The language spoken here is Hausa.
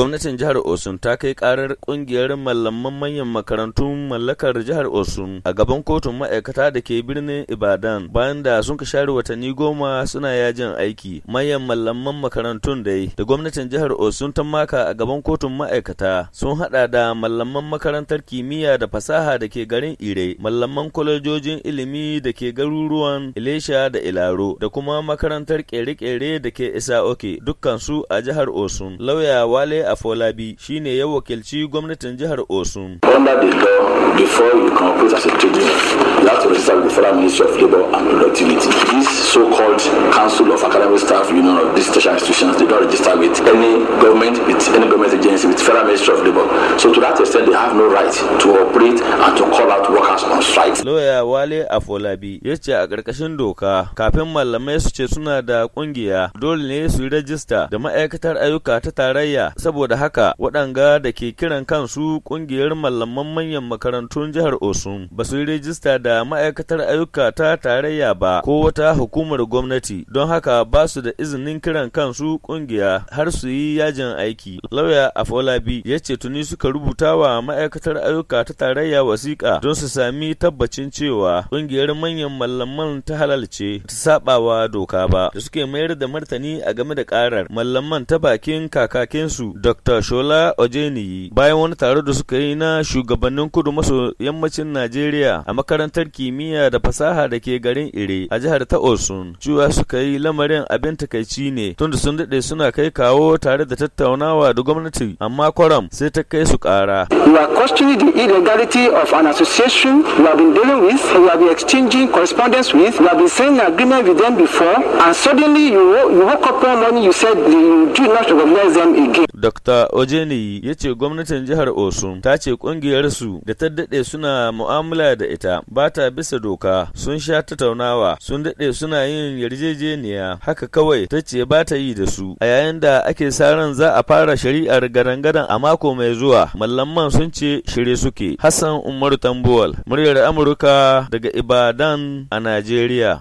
Gwamnatin jihar Osun ta kai karar kungiyar malaman manyan makarantun mallakar jihar Osun a gaban kotun ma'aikata da ke birnin Ibadan bayan da sun ka share watanni goma suna yajin aiki. Manyan malaman makarantun dai da gwamnatin jihar Osun ta maka a gaban kotun ma'aikata sun hada da mallaman makarantar kimiyya da fasaha da ke garin Ire, malaman kwalejojin ilimi da ke garuruwan Ilesha da Ilaro da kuma makarantar kere-kere da ke Isa Oke dukkansu a jihar Osun. Lauya Wale Afolabi shine ya wakilci gwamnatin jihar Osun. Under the law, before you can operate a trader, you have to register with Federal Ministry of Labour and Productivity. This so-called Council of Academic Staff Union of these social institutions, they don't register with any government, with any government agency, with Federal Ministry of Labour. So to that extent, they have no right to operate and to call out workers us Lawyer Wale Afolabi ya ce a ƙarƙashin doka kafin malamai su ce suna da ƙungiya dole ne su yi rajista da ma'aikatar ayyuka ta tarayya saboda haka waɗanga da ke kiran kansu ƙungiyar malaman manyan makarantun jihar Osun ba su yi rajista da ma'aikatar ayyuka ta tarayya ba ko wata hukumar gwamnati don haka ba su da izinin kiran kansu ƙungiya har su yi yajin aiki. Lawyer Afolabi ya ce tuni suka rubuta wa ma'aikatar ayyuka ta tarayya wasiƙa don su sami sami tabbacin cewa ƙungiyar manyan mallaman ta halalce ta sabawa doka ba da suke mayar da martani a game da karar mallaman ta bakin kakakinsu Dr. Shola Ojeni. bayan wani taro da suka yi na shugabannin kudu maso yammacin Najeriya a makarantar kimiyya da fasaha da ke garin Ire a jihar ta Osun cewa suka yi lamarin abin takaici ne tunda sun daɗe suna kai kawo tare da tattaunawa da gwamnati amma kwaram sai ta kai su ƙara. We are questioning the illegality of an association we have been dealing with, we have been exchanging correspondence with, we have been signing agreement with them before, and suddenly you, you woke up one morning, you said you do not recognize them again. Dr. Ojeni ya ce gwamnatin jihar Osun ta ce ƙungiyarsu da ta daɗe suna mu'amala da ita ba ta bisa doka sun sha tattaunawa sun daɗe suna yin yarjejeniya haka kawai ta ce ba ta yi da su a yayin da ake saran za a fara shari'ar gadan-gadan a mako mai zuwa mallamman sun ce shirye suke Hassan Umaru Tambuwal Muryar Amurka daga Ibadan a Najeriya.